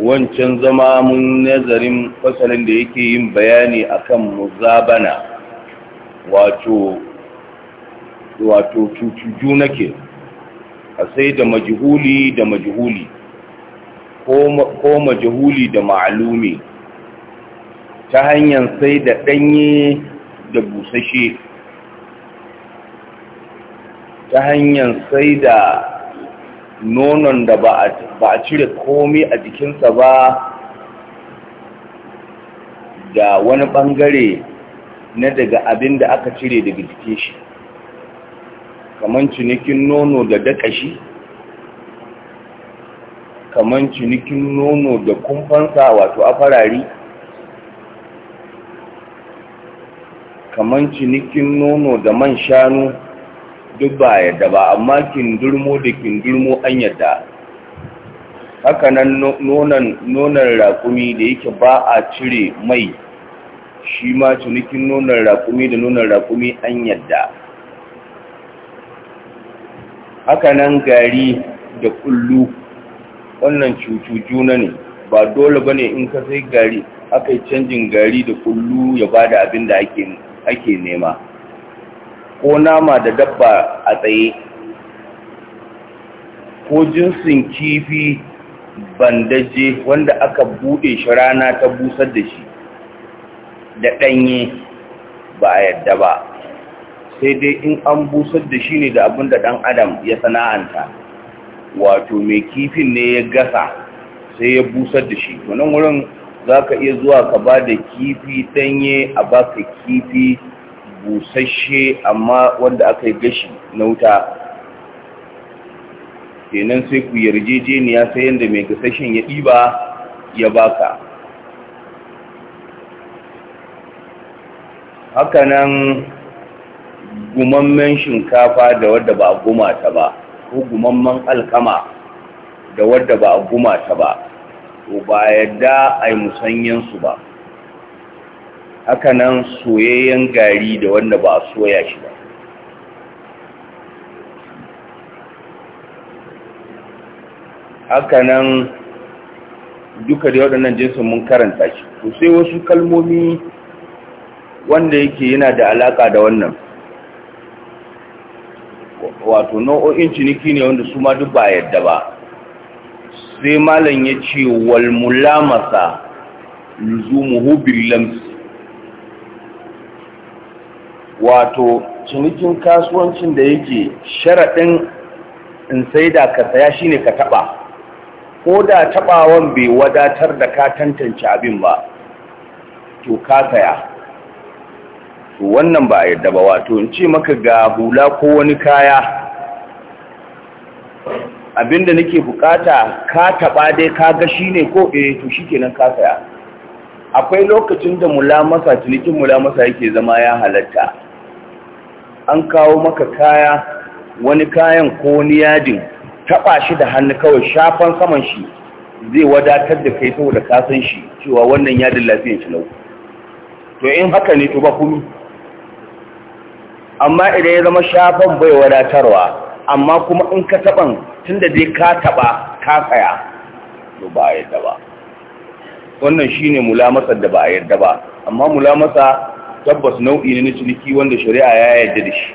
wancan zama mun nazarin fasalin da yake yin bayani akan muzabana wato wato cucuju nake a sai da majihuli da majihuli ko majihuli da ma'alumi ta hanyar sai da ɗanye da busashe ta hanyar sai da nonon da ba a cire komai a jikinsa ba da wani ɓangare na daga abin da aka cire daga jikin shi kaman cinikin nono da dakashi kaman cinikin nono da kumfansa wato a farari kaman cinikin nono da man shanu duk ba yadda ba amma kindurmo da kindurmo an yadda haka nan nonon nonan raƙumi da yake ba a cire mai shi ma cinikin nonon raƙumi da nonon raƙumi an yadda haka nan gari da kullu wannan cutu juna ne ba dole ba ne in ka sai gari aka yi canjin gari da kullu ya ba da abin da ake nema ko nama da dabba a tsaye ko jinsin kifi bandaje wanda aka bude shi rana ta busar da shi da ɗanye ba a yadda ba sai dai in an busar da shi ne da abin da ɗan adam ya sana'anta wato mai kifin ne ya gasa sai ya busar da shi wannan wurin za ka iya zuwa ka ba da kifi ɗanye a baka kifi busasshe amma wanda aka yi gashi na wuta kenan sai ku yarjejeniya sai yadda mai gasashen ya ɗiba ya baka hakanan gumammen shinkafa da wadda ba a guma ta ba ko gumamman alkama da wadda ba a guma ta ba ko ba yadda a yi musanyensu ba haka nan soyayyen gari da wanda ba a soya shi ba haka nan duka da waɗannan jinsin mun karanta shi to sai wasu kalmomi wanda yake yana da alaƙa da wannan wato nau'o'in ciniki ne wanda su ma duk ba yadda ba sai malam ya ce walmulamasa luzumuhu lamsi. wato cinikin kasuwancin da yake sharaɗin in sai da ka saya shi ne ka taɓa ko da taɓawan bai wadatar da ka tantance abin ba to ka saya to wannan ba a yadda ba wato in ce maka ga hula ko wani kaya abinda nake bukata ka taɓa dai ka ga shi ne ko eh to shi kenan ka saya akwai lokacin da mulamasa cinikin mulamasa yake zama ya halatta an kawo maka kaya wani kayan ko wani yadin taɓa shi da hannu kawai shafan saman shi zai wadatar da kai saboda kasan shi cewa wannan yadin lafiyan shi lau to in haka ne to ba kumi amma idan ya zama shafan bai wadatarwa amma kuma in ka taɓan tun da dai ka taɓa ka tsaya to ba a yadda ba wannan shi ne mulamasar da ba a yarda ba amma mulamasa tabbas nau'i ne na ciniki wanda shari'a ya yarda da shi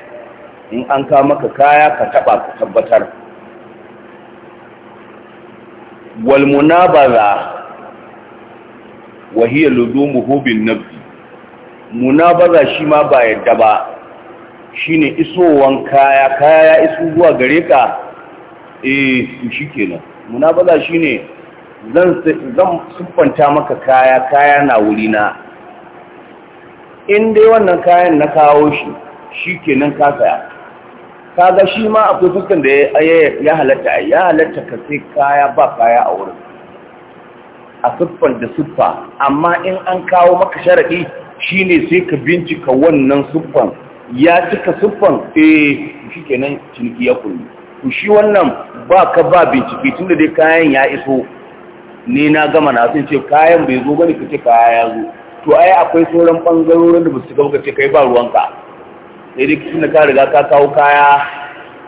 in an ka maka kaya ka taba ka tabbatar wal munabaza wa hiya ludumuhu bin nabi munabaza shi ma ba yarda ba shine isowan kaya kaya ya isu zuwa gare ka eh shikenan munabaza shine zan zan siffanta maka kaya kaya na wurina in dai wannan kayan na kawo shi shi ka saya kaga shi ma a fuskan da ya halatta ya halatta ka sai kaya ba kaya a wurin a siffan da siffa amma in an kawo maka sharaɗi shi ne sai ka bincika wannan siffan ya cika siffan eh shi nan ciniki ya kulli ku shi wannan ba ka ba bincike tun da dai kayan ya iso ne na gama na sun ce kayan bai zo bane ka ce kaya ya zo to ai akwai sauran bangarorin da basu gaba ce kai ba ruwanka sai dai kisan da ka riga ka kawo kaya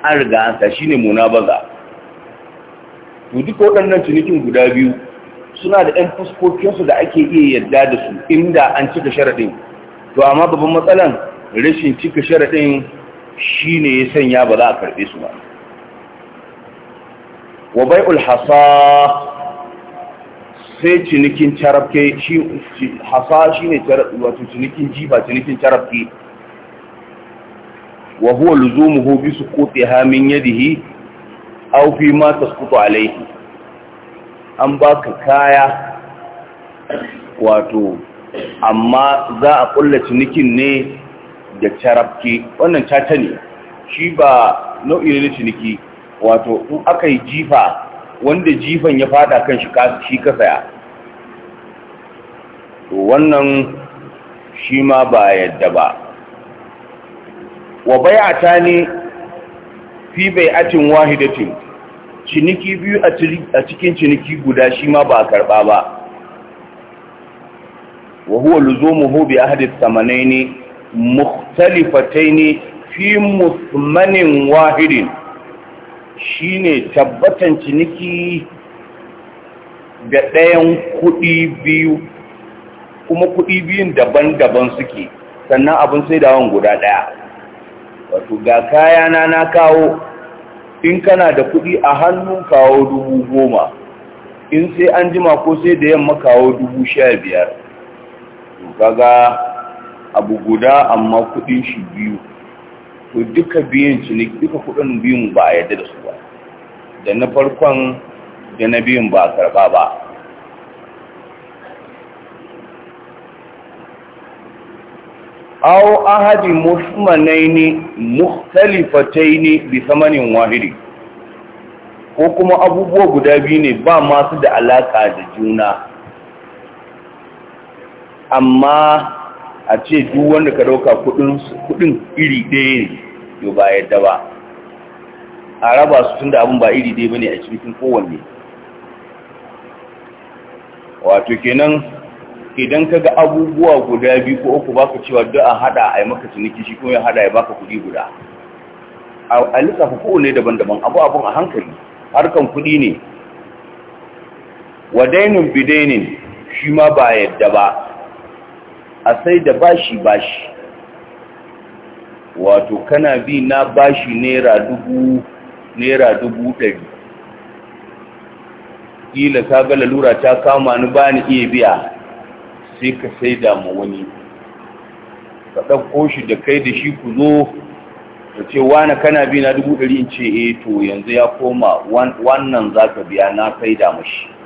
an riga an sa shine muna baza to duka waɗannan cinikin guda biyu suna da ɗan fuskokinsu da ake iya yadda da su inda an cika sharaɗin to amma babban matsalan rashin cika sharaɗin shine ya sanya ba za a karɓe su ba wa bai'ul hasa sai cinikin carabke shi hasa shi ne wato cinikin jifa cinikin carabke wa huwa luzumuhu bi suqutiha min yadihi aw fi ma tasqutu alayhi an baka kaya wato amma za a kulla cinikin ne da carabke wannan ta ne shi ba nau'i ne ciniki wato in aka yi jifa wanda jifan ya fada kan shi ka saya to wannan shi ma ba yadda ba wa bai'ata ne fi bai'atin wahidatin ciniki biyu a cikin ciniki guda shi ma ba karba ba wa huwa luzumu bi ahadi thamanaini ne fi musmanin wahidin shine tabbatan ciniki da ɗayan kuɗi biyu kuma kuɗi biyun daban-daban suke sannan abin sai dawon guda ɗaya wato ga kayana na kawo in kana da kuɗi a hannu kawo dubu goma in sai an jima ko sai da yamma kawo dubu sha biyar kaga abu guda amma kuɗin shi biyu to duka biyun ne duka kudin biyun ba a yadda da su ba da na farkon da na biyun ba a karba ba Au ahadi musmanaini mukhtalifataini bi thamanin wahiri, ko kuma abubuwa guda biyu ne ba masu da alaka da juna amma a ce duk wanda ka dauka kudin iri ɗaya ne yau ba yadda ba a raba su tun da abin ba iri ɗaya ba ne a cikin kowanne wato kenan idan ka ga abubuwa guda biyu ko uku baka cewa duk an hada a yi maka ciniki shi kuma ya hada ya baka kuɗi guda a lissafa kowanne daban-daban abu abun a hankali harkan kuɗi ne wadainin bidainin shi ma ba yadda ba a sai da bashi bashi wato kana bi na bashi naira dubu naira dubu ɗari ƙila ka ga lalura ta kama ni ba ni iya biya sai ka sai damu wani ka ɗauko shi da kai da shi ku zo ka ce wani kana bi na dubu ɗari in ce eh to yanzu ya koma wannan za ka biya na sai damu shi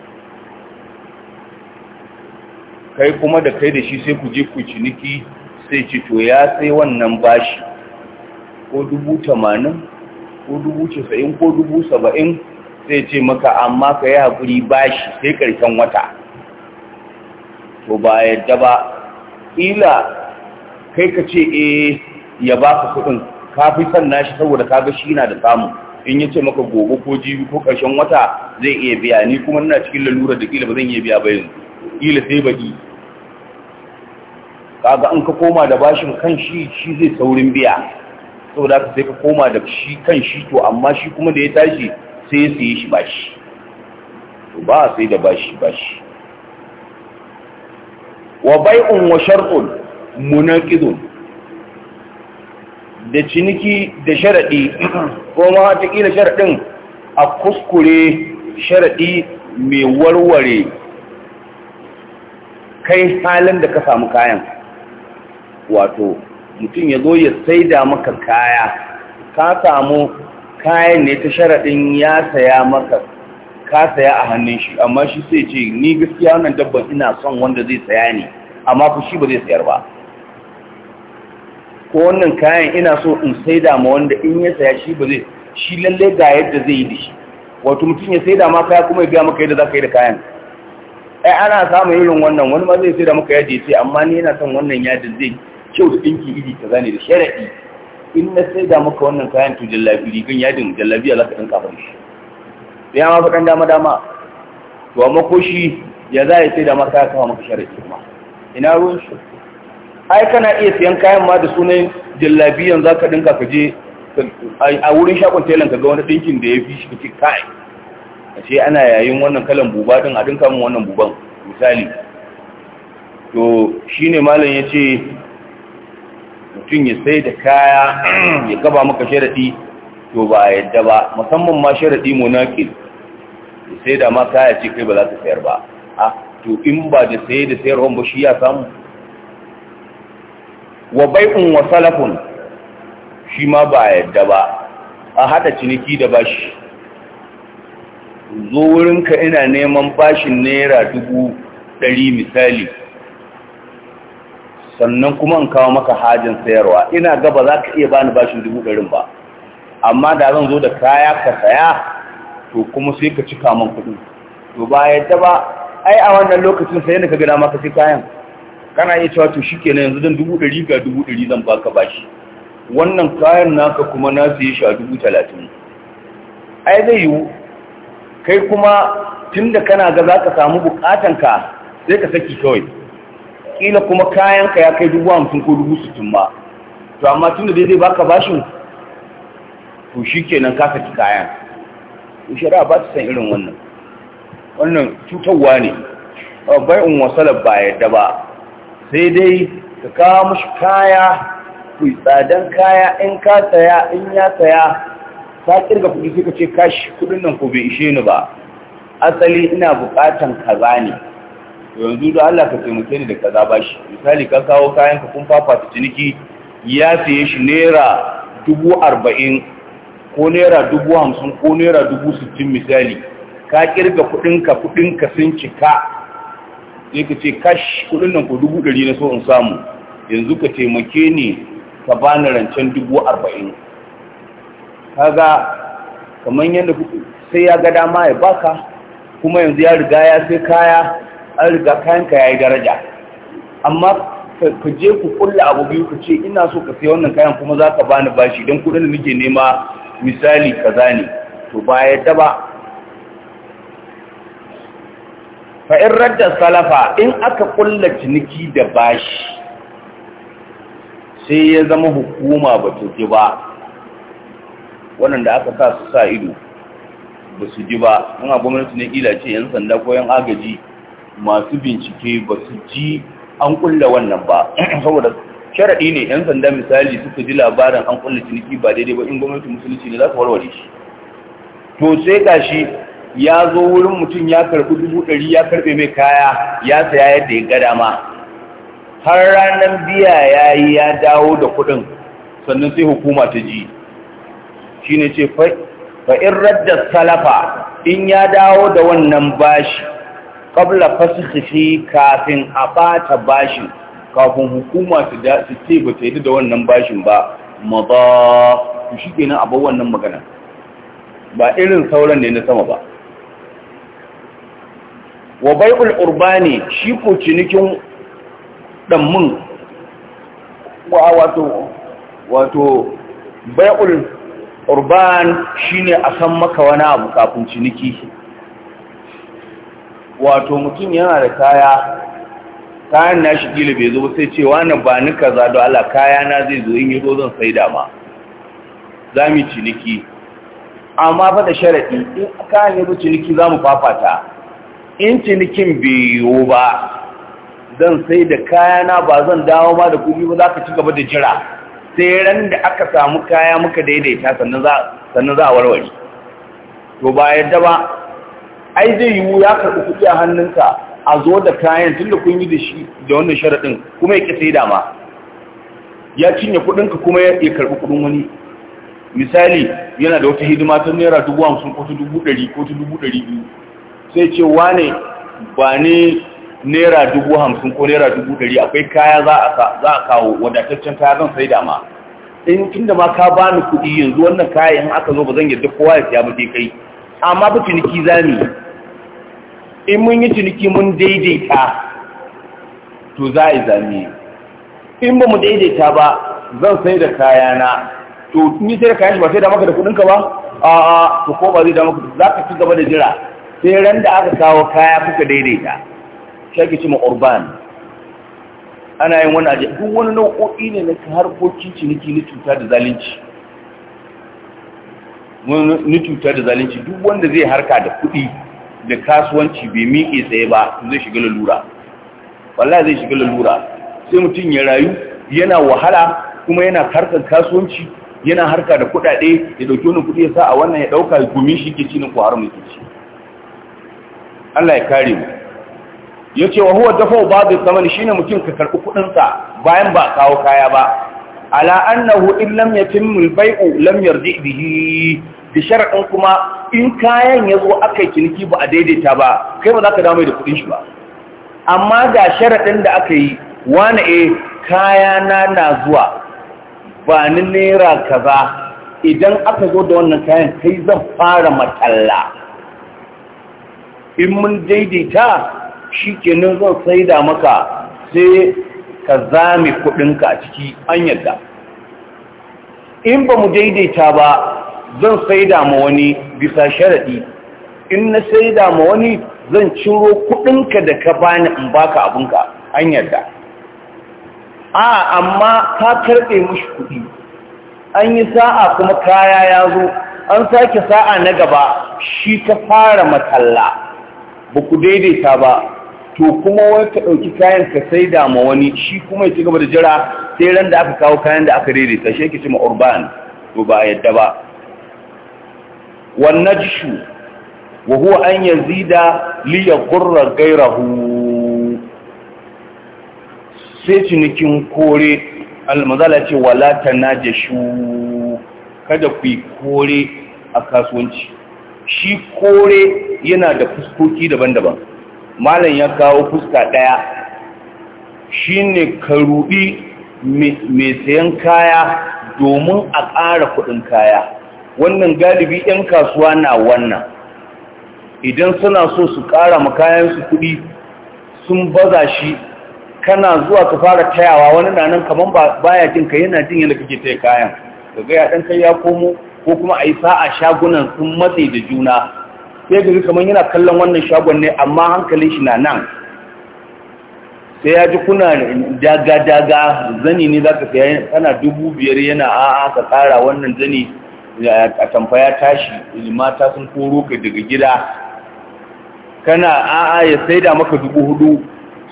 kai kuma da kai da shi sai ku je ku ciniki sai ci to ya sai wannan bashi ko dubu tamanin ko dubu casa'in ko dubu saba'in sai ce maka amma ka yi haƙuri bashi sai ƙarshen wata to ba yadda ba ƙila kai ka ce eh ya ba ka kuɗin ka fi shi saboda ka ga shi yana da samu in ya ce maka gobe ko jibi ko ƙarshen wata zai iya biya ni kuma ina cikin lalura da ƙila ba zan iya biya ba yanzu kila sai baki kaga an ka koma da bashin kan shi shi zai saurin biya saboda ka sai ka koma da shi kan shi to amma shi kuma da ya tashi sai ya saye shi bashi to ba sai da bashi bashi wa bai'un wa shar'un munaqidun da ciniki da sharadi ko ma ta kila sharadin a kuskure sharadi mai warware kai halin da ka samu kayan wato mutum ya zo ya saida maka kaya ka samu kayan ne ta sharaɗin ya saya maka ka saya a hannun shi amma shi sai ce ni gaskiya wannan dabban ina son wanda zai saya ne amma ku shi ba zai sayar ba ko wannan kayan ina so in saida ma wanda in ya saya shi ba zai shi lalle ga yadda zai yi da shi wato mutum ya saida ma kaya kuma ya biya maka yadda za ka yi da kayan ai ana samun irin wannan wani ma zai sai da muka yaji sai amma ni yana son wannan yadin zai kyau da dinki idi ka zane da sharadi in na sai da muka wannan kayan to jallabi rigan yadin jallabi Allah ka dinka fara shi ya ma fadan dama dama to amma ko shi ya za ya sai da maka kawo maka sharadi kuma ina ruwan shi ai kana iya siyan kayan ma da sunan jallabiyan zaka dinka ka je a wurin shakon telan ka ga wani dinkin da ya fi shi kake kai a ce ana yayin wannan kalan buba din a dinka min wannan buban misali to shine malam ya ce mutum ya sai da kaya ya gaba maka sharaɗi to ba a yadda ba musamman ma sharaɗi monakil ya sai da ma kaya ce kai ba za ta sayar ba a ah, to in ba da sai da sayarwa ba shi ya samu wa bai'un wa salafun shi ma ba a yadda ba a haɗa ciniki da bashi zo wurinka ina neman bashin naira dubu ɗari misali sannan kuma in kawo maka hajin sayarwa ina gaba za ka iya bani bashin dubu ɗarin ba amma da zan zo da kaya ka saya to kuma sai ka cika man kuɗi to ba yadda ba ai a wannan lokacin sai ka gina maka sai kayan kana iya cewa to shi kenan yanzu zan dubu ɗari ga dubu ɗari zan baka bashi wannan kayan naka kuma na siye shi a dubu talatin ai zai yiwu kai kuma tun da kana ga za ka samu bukatanka sai ka saki kawai kila kuma kayanka ya kai dubu hamsin ko dubu sittin ma to amma tun da dai zai baka bashin to shi kenan ka saki kayan in shari'a ba ta san irin wannan wannan cutarwa ne in wasalar ba yadda ba sai dai ka kawo mashi kaya ku tsadan kaya in ka saya in ya saya ka kirga kuɗi suka ce kashi kuɗin nan ku bai ishe ni ba asali ina buƙatan kaza ne yanzu da Allah ka taimake ni da kaza ba shi misali ka kawo kayan ka kun ta ciniki ya siye shi naira dubu arba'in ko naira dubu hamsin ko naira dubu sittin misali ka kirga kuɗinka kuɗinka sun cika sai ka ce kashi kuɗin nan ku dubu ɗari na so in samu yanzu ka taimake ni ka bani rancen dubu arba'in kaga kamar yadda sai ya ga dama ya baka kuma yanzu ya riga ya sai kaya an riga kayanka ya yi daraja amma ka je ku kulla abu biyu ku ce ina so ka sai wannan kayan kuma za ka bani bashi don kudin da muke nema misali ka zane to ba yadda ba fa'in radda salafa in aka kulla ciniki da bashi sai ya zama hukuma ba ba waɗanda aka sa su sa ido ba su ji ba in gwamnati na ƙila ce 'yan sanda ko 'yan agaji masu bincike ba su ji an kulla wannan ba saboda sharaɗi ne 'yan sanda misali suka ji labarin an kulla ciniki ba daidai ba in gwamnati musulunci ne za su warware shi to sai gashi ya zo wurin mutum ya karɓi dubu ɗari ya karɓe mai kaya ya saya yadda ya ga dama har ranar biya ya yi ya dawo da kuɗin sannan sai hukuma ta ji shine ce fa in radda salafa in ya dawo da wannan bashi qabla fasxihi kafin a bata bashin kafin hukuma su da su ce ba ta yi da wannan bashin ba madha to shikenan abin wannan magana ba irin sauran ne na sama ba wa bai'ul urbani shi ko cinikin dammin wato wato bai'ul urban shine a san maka wani abu kafin ciniki wato mutum yana da kaya kayan na shi gila bai zo sai ce wani ba ni kaza da ala kaya na zai zo in yi zo zan sai dama za mu ciniki amma fa da sharaɗi in kayan ya zo ciniki za mu fafata in cinikin bai yiwu ba zan sai da kayana ba zan dawo ma da kuɗi ba za ka ci gaba da jira sai ran da aka samu kaya muka daidaita sannan za a warware to ba yadda ba ai zai yiwu ya karɓi kuɗi a hannunka a zo da kayan tun da kun yi da shi da wannan sharaɗin kuma ya ƙi sai dama ya cinye kuɗinka kuma ya karɓi kuɗin wani misali yana da wata hidima ta naira dubu hamsin ko ta dubu ɗari ko ta dubu ɗari biyu sai ce wane ba ne naira dubu hamsin ko naira dubu ɗari akwai kaya za a kawo wadataccen kaya zan sai dama. in tun da ma ka ba ni kuɗi yanzu wannan kaya in aka zo ba zan yadda kowa ya siya ba sai kai amma ba ciniki za mu in mun yi ciniki mun daidaita to za a yi zami in ba mu daidaita ba zan sai da kayana to in yi sai da kayan shi ba sai da maka da kuɗinka ba a'a to ko ba zai da maka za ka ci gaba da jira sai ran da aka kawo kaya kuka daidaita shaki ce ma urban ana yin wani ajiya duk wani nau'o'i ne na harkokin ciniki na cuta da zalunci wani cuta da zalunci duk wanda zai harka da kuɗi da kasuwanci bai miƙe tsaye ba zai shiga lalura wallahi zai shiga lalura sai mutum ya rayu yana wahala kuma yana harkar kasuwanci yana harka da kuɗaɗe ya ɗauki wani kuɗi ya sa a wannan ya ɗauka gumi shi ke ci na ko haram ke ci Allah ya kare mu ya ce wa huwa dafa ba da zamani ne mutum ka karɓi kuɗinsa bayan ba kawo kaya ba ala'annahu annahu in lam yatimmu al-bai'u lam yarji bihi da shara'in kuma in kayan ya zo aka yi ciniki ba a daidaita ba kai ba za ka damai da kuɗin shi ba amma ga sharaɗin da aka yi wane e eh, kaya na na zuwa ba ni naira kaza idan aka zo da wannan kayan kai zan fara matalla in mun daidaita shi kenan zan saida maka sai ka zame kudinka a ciki an yadda in ba mu daidaita ba zan saida ma wani bisa sharaɗi in na saida ma wani zan ciro kudinka da ka bani in baka abinka an yadda a amma ka karɓe mushi kudi an yi sa'a kuma kaya ya zo an sake sa'a na gaba shi ka fara matalla ba ku daidaita ba to kuma wai ka ɗauki kayan ka sai da ma wani shi kuma ya ci gaba da jira sai ran da aka kawo kayan da aka daidaita shi ci ma urban to ba a yadda ba wannan jishu wa huwa an yazida li ya qurra gairahu sai cinikin kore almazala ce wala tanajashu kada ku yi kore a kasuwanci shi kore yana da fuskoki daban-daban malam ya kawo fuska ɗaya Shi ne ka ruɗi mai sayan kaya domin a ƙara kuɗin kaya wannan galibi 'yan kasuwa na wannan idan suna so su ƙara makayansu kuɗi sun baza shi kana zuwa ka fara tayawa wani nan kamar baya jin ka yana jin yana kake taya kayan ga ya ɗan kai ya komo ko kuma a yi sa'a shagunan sun matse da juna sai gari kamar yana kallon wannan shagon ne amma hankalin shi na nan sai ya ji kuna daga-daga zani ne za ka saya tana dubu biyar yana a aka tsara wannan zani a tamfa ya tashi mata sun koro ka daga gida kana a a ya saida maka dubu hudu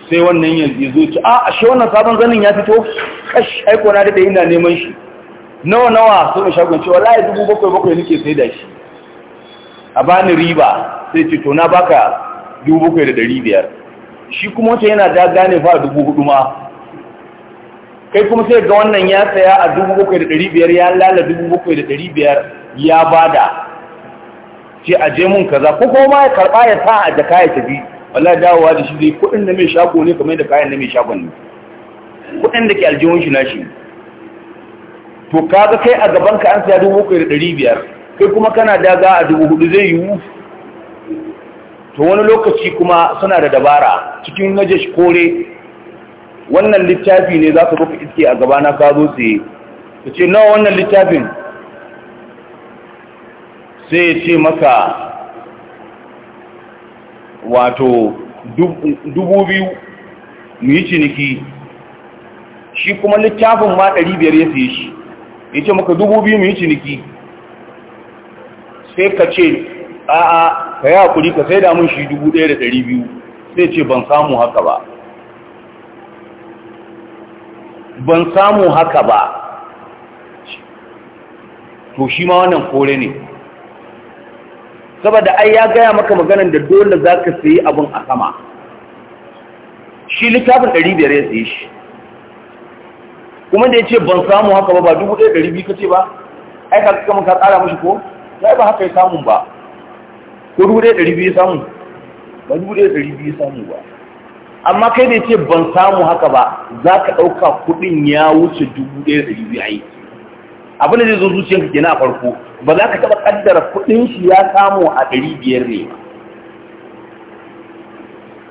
sai wannan ya zo ci a ashe wannan sabon zanin ya fito Kashi, aiko na daɗe ina neman shi nawa nawa sun shagon cewa la'ayi dubu bakwai bakwai nake saida shi a bani riba sai ce to na baka dubu bakwai da ɗari biyar shi kuma wata yana da gane fa dubu hudu ma kai kuma sai ga wannan ya saya a dubu bakwai da ɗari biyar ya lala dubu bakwai da ɗari biyar ya bada ce a jemun mun kaza ko kuma ya karɓa ya sa a jaka ya tafi wallahi dawowa da shi zai kudin da mai shago ne kamar da kayan da mai shagon ne kudin da ke aljihun shi na shi to kaga kai a gaban ka an saya dubu bakwai da ɗari biyar kai kuma kana daga a dubu hudu zai yiwu to wani lokaci kuma suna da dabara cikin najash kore wannan littafi ne za ka rufe iske a gabana ka zo tsaye ka ce nawa wannan littafin sai ya ce maka wato dubu biyu mu yi ciniki shi kuma littafin ma ɗari biyar ya fiye shi ya ce maka dubu biyu mu yi ciniki sai ka ce a'a ka yi hakuri ka sai da mun shi dubu ɗaya da ɗari biyu sai ce ban samu haka ba ban samu haka ba to shi ma wannan kore ne saboda ai ya gaya maka maganan da dole za ka sayi abin a sama shi littafin ɗari biyar ya sayi shi kuma da ya ce ban samu haka ba ba dubu ɗaya ɗari biyu ka ce ba ai ka kama ka tsara mashi ko ya ba haka ya samu ba ko dubu ɗaya ɗari biyu samu ba dubu ɗaya ɗari biyu samu ba amma kai da ce ban samu haka ba za ka ɗauka kuɗin ya wuce dubu ɗaya ɗari biyu ai abin da zai zo zuciyarka kenan a farko ba za ka taɓa ƙaddara kuɗin shi ya samu a ɗari biyar ne ba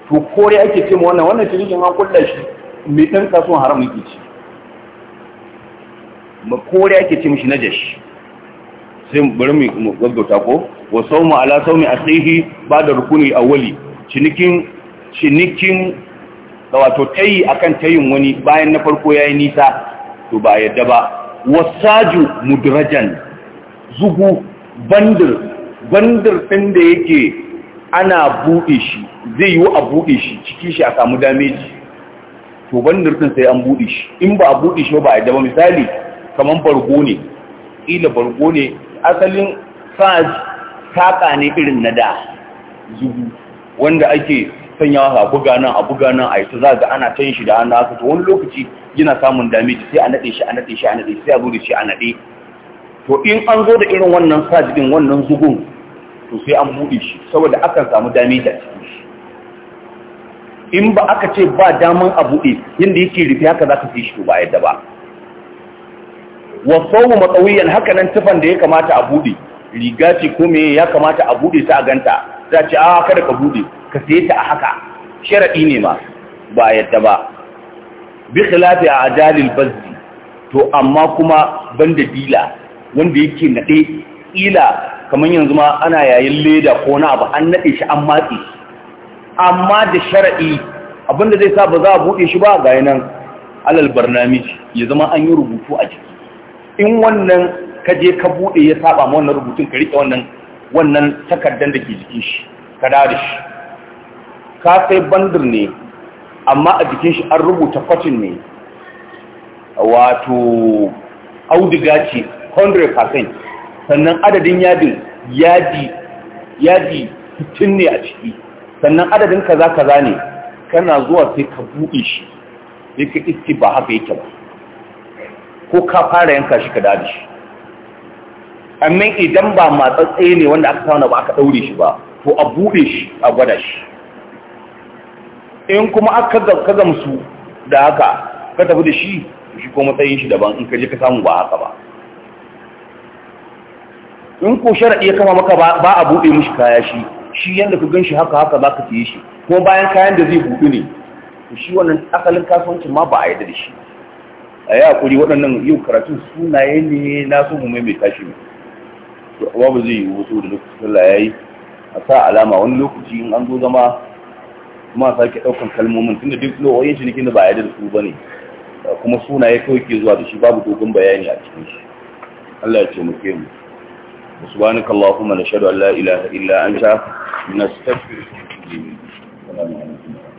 to kore ake ce ma wannan wannan cinikin an kulla shi mai ɗan kasuwan haramun ke ci ma kore ake ce mishi najashi sai bari mu gaggauta ko wa sawmu ala sawmi akhihi ba'da rukuni awwali cinikin cinikin wato tayi akan tayin wani bayan na farko yayi nisa to ba yadda ba wasaju mudrajan zugu bandir bandir din da yake ana buɗe shi zai yi a buɗe shi ciki shi a samu dameji to bandir din sai an buɗe shi in ba a buɗe shi ba a yadda ba misali kamar bargo ne ƙila bargo ne asalin faz saƙa ne irin na da zubu wanda ake sanyawa a buga nan a buga nan a yi ta za ga ana can shi da hannu haka to wani lokaci yana samun damiji sai a naɗe shi a naɗe shi a naɗe sai a zo da shi a naɗe to in an zo da irin wannan faz din wannan zugun to sai an buɗe shi saboda akan samu damiji a cikin shi in ba aka ce ba daman a buɗe yadda yake rufe haka za ka fi shi to ba yadda ba Wasau matsawiyan haka nan tufan da ya kamata a bude riga ce ko me ya kamata a bude ta a ganta za ce a ah, kada ka bude ka saye ta a haka sharadi ne ma ba yadda ba bi khilafi a ajalil bazzi to amma kuma banda dila wanda yake naɗe ila kamar yanzu ma ana yayin leda ko na abu an naɗe shi an matsi amma da sharadi abinda zai sa ba za a bude shi ba ga yanan alal barnamiji ya zama an yi rubutu a ciki in wannan ka je ka bude ya saba ma wannan rubutun ka rike wannan wannan takardar da ke jikin shi ka dare shi ka sai bandir ne amma a jikin shi an rubuta kwacin ne wato auduga ce 100% sannan adadin yadin yadi yadi ne a ciki sannan adadin kaza kaza ne kana zuwa sai ka buɗe shi sai ka iske ba haka yake ba ko ka fara yanka shi ka da shi amma idan ba matsatsi ne wanda aka tauna ba aka daure shi ba to a bude shi a gwada shi in kuma aka ka gamsu da haka ka tafi da shi shi ko matsayin shi daban in ka je ka samu ba haka ba in ko sharaɗi ya kama maka ba a buɗe mishi kaya shi shi yadda ka gan shi haka haka za ka fiye shi ko bayan kayan da zai buɗe ne shi wannan asalin kasuwancin ma ba a yadda da shi a yi hakuri waɗannan yau karatun sunaye ne na sun mu mai tashi ne to babu zai yi wasu da lokacin sallah yi a sa alama wani lokaci in an zo zama kuma a sake ɗaukan kalmomin tunda duk nau'o'in shi da ba a yadda da su bane kuma sunaye kawai ke zuwa da shi babu dogon bayani a cikin shi Allah ya ce mu ke mu subhanaka allahumma nashhadu an sha ilaha illa anta nastaghfiruka wa natubu